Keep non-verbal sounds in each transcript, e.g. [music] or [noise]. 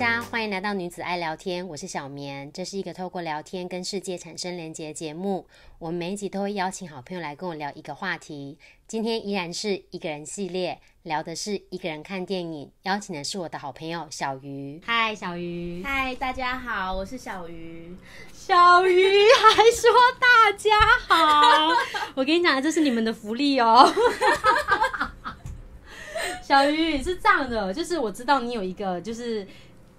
大家歡迎來到女子愛聊天，我是小綿，這是一個透過聊天跟世界產生連結的節目。我們每一集都會邀請好朋友來跟我聊一個話題。今天依然是一個人系列，聊的是一個人看電影，邀請的是我的好朋友小魚。嗨，小魚！嗨，大家好，我是小魚。小魚還說大家好， [laughs] 我跟你講，這是你們的福利哦。小魚是這樣的，就是我知道你有一個就是。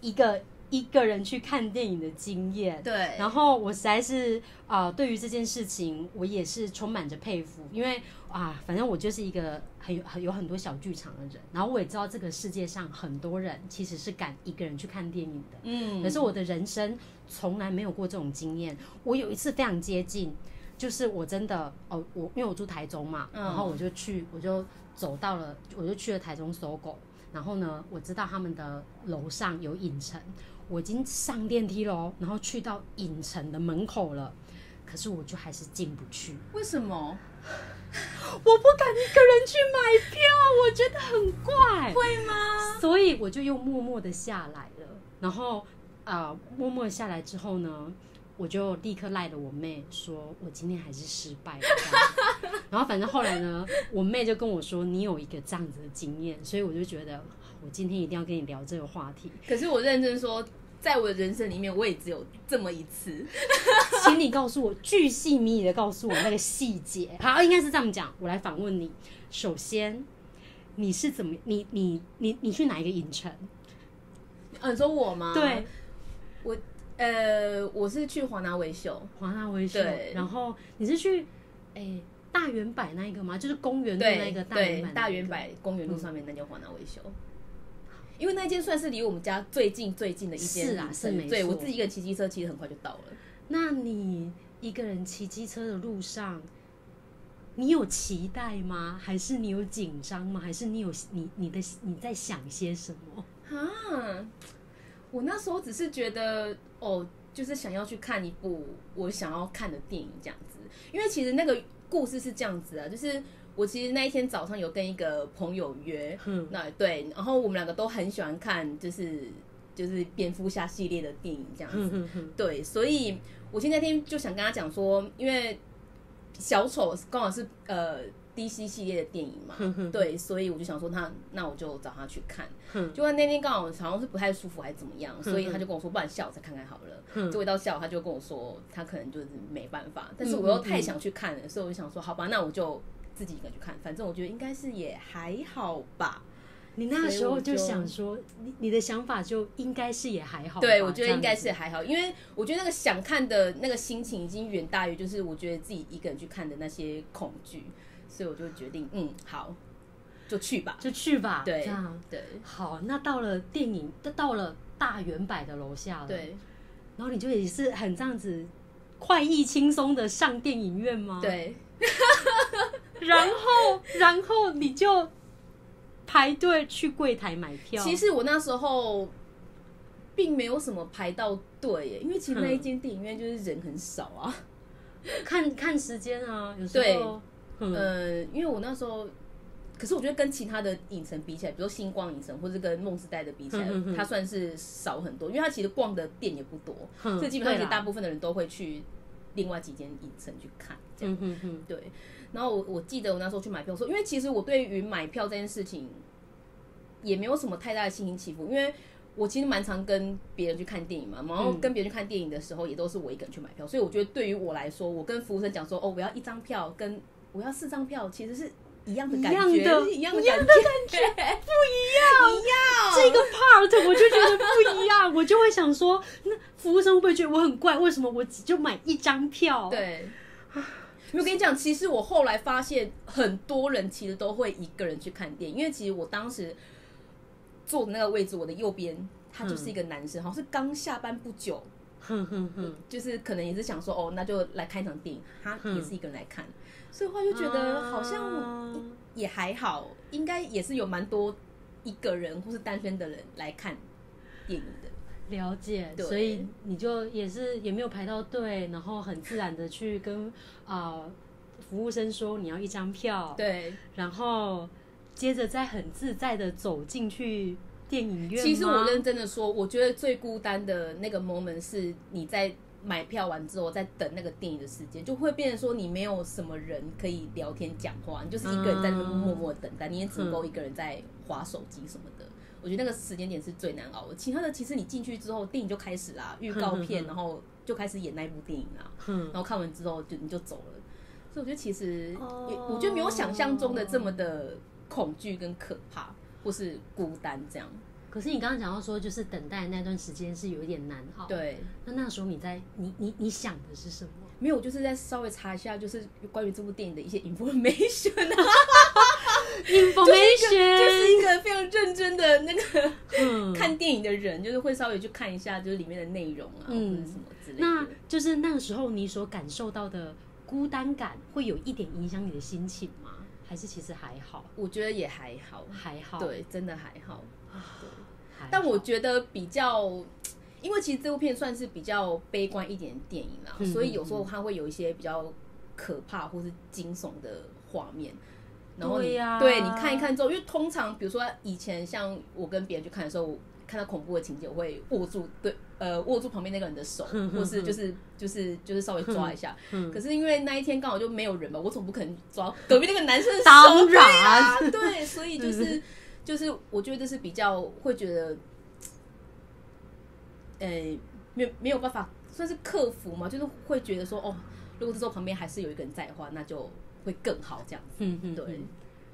一個一個人去看電影的經驗，對。然後我實在是啊、呃，對於這件事情，我也是充滿着佩服，因為啊，反正我就是一個很很有很多小劇場的人，然後我也知道這個世界上很多人其實是敢一個人去看電影的，嗯。可是我的人生從來沒有過這種經驗。我有一次非常接近，就是我真的哦，我因為我住台中嘛，嗯、然後我就去，我就走到了，我就去了台中搜狗。然後呢，我知道他們的樓上有影城，我已經上電梯嘍，然後去到影城的門口了，可是我就還是進不去。為什麼？ [laughs] 我不敢一個人去買票， [laughs] 我覺得很怪，會嗎？所以我就又默默的下來了。然後啊、呃，默默下來之後呢，我就立刻賴着我妹，說我今天還是失敗了。然後反正後來呢，我妹就跟我說：“你有一個這樣子的經驗，所以我就覺得我今天一定要跟你聊這個話題。”可是我認真說，在我的人生裡面，我也只有這麼一次，請你告訴我，巨細靡遺的告訴我那個細節。好，應該是這樣講，我來反問你：首先，你是怎麼？你你你你去哪一個影城？嗯，說我嗎？對，我。呃，我是去華納威秀，華納威秀。對然後你是去，哎，欸，大遠百那一個嗎？就是公園的那個對大遠百、那個、柏，大遠百公園路上面那家華納威秀。嗯、因為那間算是離我們家最近最近的一間，是啊，是沒錯。對，我自己一個人騎機車，其實很快就到了。那你一個人騎機車的路上，你有期待嗎？還是你有緊張嗎？還是你有你你的你在想些什麼？啊，我那時候只是覺得。哦，oh, 就是想要去看一部我想要看的電影這樣子，因為其實那個故事是這樣子啊，就是我其實那一天早上有跟一個朋友約，嗯，那對，然後我們兩個都很喜歡看，就是就是蝙蝠俠系列的電影這樣子，嗯、哼哼，對，所以我前一天，那天就想跟他講說，因為小丑剛好是呃。DC 系列的電影嘛，嗯、哼對，所以我就想說他，那我就找他去看。嗯、哼結果那天剛好好像是不太舒服還是怎麼樣，所以他就跟我說，不然下午再看看好了。嗯、哼就回到下午他就跟我說，他可能就是沒辦法。嗯、哼但是我又太想去看了，嗯、哼所以我就想說，好吧，那我就自己一個去看，反正我覺得應該是也還好吧。你那時候就想說，你你的想法就應該是也還好吧？對，我覺得應該是還好，因為我覺得那個想看的那個心情已經遠大於就是我覺得自己一個人去看的那些恐懼。所以我就決定，嗯，好，就去吧，就去吧。對，這樣、啊、對。好，那到了電影，到到了大遠百的樓下了。對。然後你就也是很這樣子快意輕鬆的上電影院嗎？對。 [laughs] 然後，然後你就排隊去櫃檯買票。其實我那時候並沒有什麼排到隊、欸，因為其實那一間電影院就是人很少啊。嗯、看看時間啊，有時候。嗯，因為我那時候，可是我覺得跟其他的影城比起來，比如說星光影城或者跟夢時代的比起來，它算是少很多，因為它其實逛的店也不多，所以基本上其實大部分的人都會去另外幾間影城去看，這樣，對。然後我我記得我那時候去買票的時候，因為其實我對於買票這件事情也沒有什麼太大的心情起伏，因為我其實蠻常跟別人去看電影嘛，然後跟別人去看電影的時候，也都是我一個人去買票，所以我覺得對於我來說，我跟服務生講說，哦，我要一張票跟。我要四張票，其實是一樣的感覺，一樣的，一樣的感覺，不一樣的感 [laughs] 不一，樣一樣這個 part 我就覺得不一樣， [laughs] 我就會想說，那服務生會不會覺得我很怪？為什麼我只就買一張票？對，啊，就是、我跟你講，其實我後來發現，很多人其實都會一個人去看電影，因為其實我當時坐的那個位置，我的右邊他就是一個男生，嗯、好像是剛下班不久。哼哼哼， [noise] 就是可能也是想說哦，那就來看一場電影。他也是一個人來看，哼所以我就覺得好像也還好，啊、應該也是有蠻多一個人或是單身的人來看電影的。了解。對所以你就也是也沒有排到隊，然後很自然的去跟啊、 [laughs] 呃、服務生說你要一張票。對，然後接着再很自在的走進去。電影院。其實我認真的說，我覺得最孤單的那個 moment 是你在買票完之後，在等那個電影的時間，就會變成說你沒有什麼人可以聊天講話，你就是一個人在默默等待，你也只夠一個人在滑手機什麼的。我覺得那個時間點是最難熬的。其他的其實你進去之後，電影就開始啦，預告片，然後就開始演那部電影啦。嗯，然後看完之後就你就走了。所以我覺得其實也，我覺得沒有想象中的這麼的恐懼跟可怕。或是孤單這樣，可是你剛剛講到說，就是等待那段時間是有一點難哈。對、嗯，那那個時候你在你你你想的是什麼？沒有，我就是在稍微查一下，就是關於這部電影的一些 information 啊。information [laughs] [laughs] 就，就是一個非常認真的那個 [laughs] 看電影的人，就是會稍微去看一下，就是裡面的內容啊，嗯、或者什麼之類的。那就是那個時候你所感受到的孤單感，會有一點影響你的心情嗎？還是其實還好，我覺得也還好，還好，對，真的還好。對還好，但我覺得比較，因為其實這部片算是比較悲觀一點的電影啦，嗯嗯嗯，所以有時候它會有一些比較可怕或是驚悚的畫面。然後，對啊、對，你看一看之後，因為通常比如說以前像我跟別人去看的時候。看到恐怖的情節，我會握住對呃握住旁邊那個人的手，或是就是就是就是稍微抓一下。可是因為那一天剛好就沒有人嘛，我總不可能抓隔壁那個男生的手。當然對，所以就是就是我覺得是比較會覺得，呃，沒有沒有辦法算是克服嘛，就是會覺得說哦，如果這時候旁邊還是有一個人在的話，那就會更好這樣子。嗯嗯，嗯，對。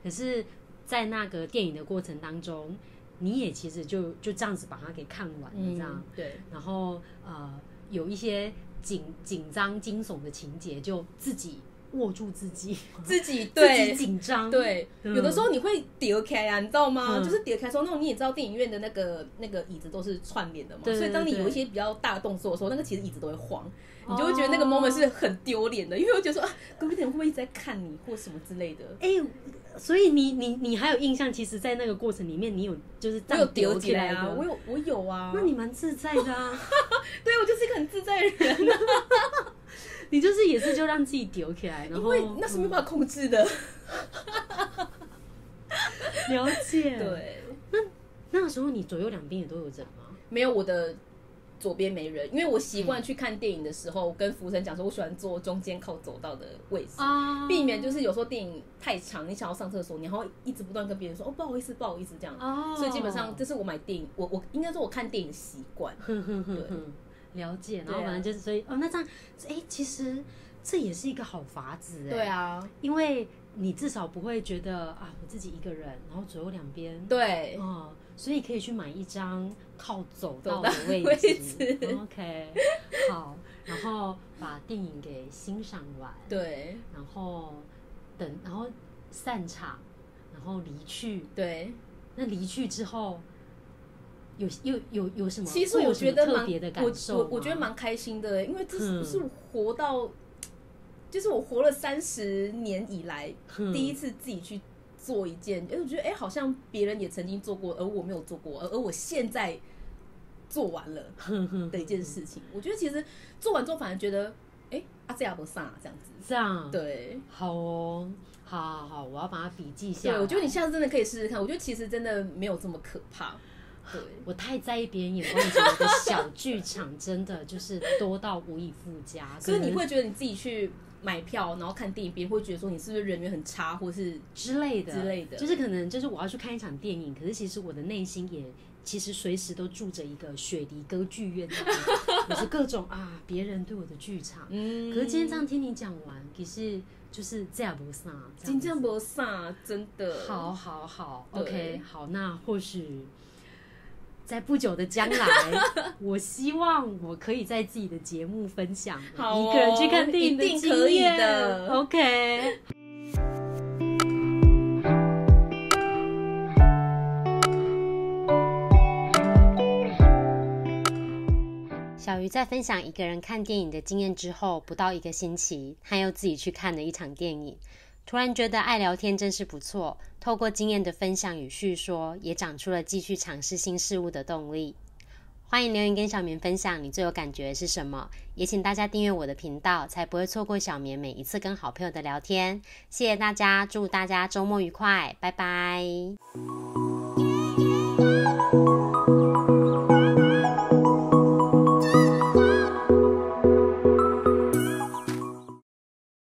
可是，在那個電影的過程當中。你也其實就就這樣子把它給看完了這樣，你知道對。然後呃，有一些緊緊張、驚悚的情節，就自己握住自己，自己自己緊張。對，有的時候你會跌開呀，你知道嗎？嗯，就是跌開的時候，那種你也知道，電影院的那個那個椅子，都是串聯的嘛，對對對，所以當你有一些比較大的動作的時候，那個其實椅子都會晃。你就會覺得那個 moment 是很丟臉的，哦、因為我覺得說啊，隔壁會不會一直在看你或什麼之類的？哎、欸，所以你你你還有印象？其實，在那個過程裡面，你有就是丟起，起來啊，我有我有啊，那你蠻自在的啊。 [laughs] 對，我就是一個很自在的人、啊。 [laughs] 你就是也是就讓自己丟起來，然後因為那是沒辦法控制的。 [laughs] 嗯、了解。對。那那個時候，你左右兩邊也都有人嗎？沒有，我的。左邊沒人，因為我習慣去看電影的時候，嗯、我跟服務生講說，我喜歡坐中間靠走道的位置，哦、避免就是有時候電影太長，你想要上廁所，你還一直不斷跟別人說，哦，不好意思，不好意思，這樣。哦、所以基本上，這是我買電影，我我應該說我看電影習慣，呵呵呵對，了解。然後反正就是，所以、啊、哦，那這樣，哎、欸，其實。這也是一個好法子，對啊，因為你至少不會覺得啊，我自己一個人，然後左右兩邊，對，哦、嗯，所以可以去買一張靠走道的位置，的位置、嗯、，OK， [laughs] 好，然後把電影給欣賞完，對，然後等，然後散場，然後離去，對，那離去之後，有有有有什麼？其實我覺得特別的感受我，我我覺得蠻開心的，因為這是不是活到、嗯。就是我活了三十年以來第一次自己去做一件，因為、嗯、我覺得哎、欸，好像別人也曾經做過，而我沒有做過，而而我現在做完了的一件事情，我覺得其實做完之後反而覺得哎、欸，啊，這樣不算啊。這樣子，這樣對，好哦，好，好，好，我要把它筆記下來。對，我覺得你下次真的可以試試看，我覺得其實真的沒有這麼可怕，對，我太在意別人眼光的時候小劇場，真的就是多到無以復加，所以 [laughs] 你會覺得你自己去。買票，然後看電影，別人會覺得說你是不是人緣很差，或是之類的之類的，類的就是可能就是我要去看一場電影，可是其實我的內心也其實隨時都住着一個雪梨歌劇院，就 [laughs] 是各種啊別人對我的劇場。嗯、可是今天這樣聽你講完，可是就是在伯薩，金在伯薩真的，好好好對，OK，好，那或許。在不久的將來， [laughs] 我希望我可以在自己的節目分享好、哦、一個人去看電影的經驗。可以的。OK。對小魚在分享一個人看電影的經驗之後，不到一個星期，他又自己去看了一場電影。突然覺得愛聊天真是不錯，透過經驗的分享與敘說，也長出了繼續嘗試新事物的動力。歡迎留言跟小綿分享你最有感覺的是什麼？也請大家訂閱我的頻道，才不會錯過小綿每一次跟好朋友的聊天。謝謝大家，祝大家週末愉快，拜拜。